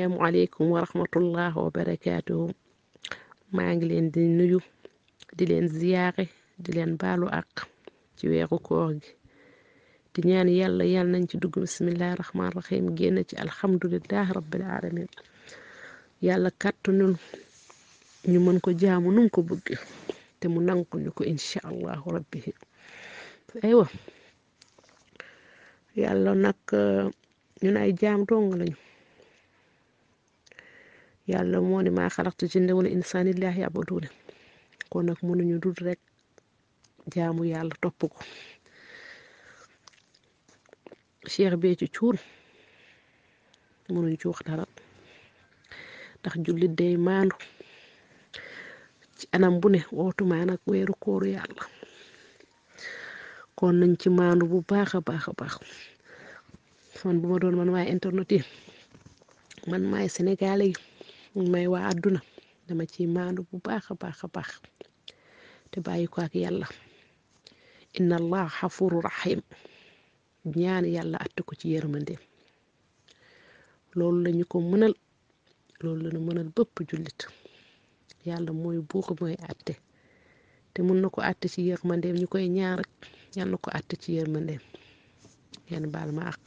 salaamualeykum wa rahmatullah wa barakaatuhu maa ngi leen di nuyu di leen ziyaare di leen baalu ak ci weeru koor gi di ñaan yàlla yàlla nañ ci dugg bismillahi rahmaan rahim génn ci alhamdulilah rabbil alamin yàlla kàttu nun ñu mën ko jaamu nun ko bëgg te mu nangu ñu ko incha allahu rabbi aywa yàlla nag ñun ay jaam dong lañu yàlla moo ne maa xalaqtu jinne wala insaan illaa ya'buduun kon nag mënuñu dul rek jaamu yàlla topp ko Cheikh bee ci cuun mënuñ ci wax dara ndax jullit day maandu ci anam bu ne wootumaa nag weeru kooru yàlla kon nañ ci maandu bu baax a baax a baax man bu ma doon man maay internet yi man maay sénégalais may waa àdduna dama ci maandu bu baax a baax a baax te bàyyi ko ak yàlla inna allah xafuru rahim ñaan yàlla atte ko ci yërmandeem loolu lañu ko mënal loolu lañu mënal bëpp jullit yàlla mooy buur mooy atte te mën na ko atte ci yërmandeem ñu koy ñaan rek yàlla na ko atte ci yërmandeem ngeen baal ma àq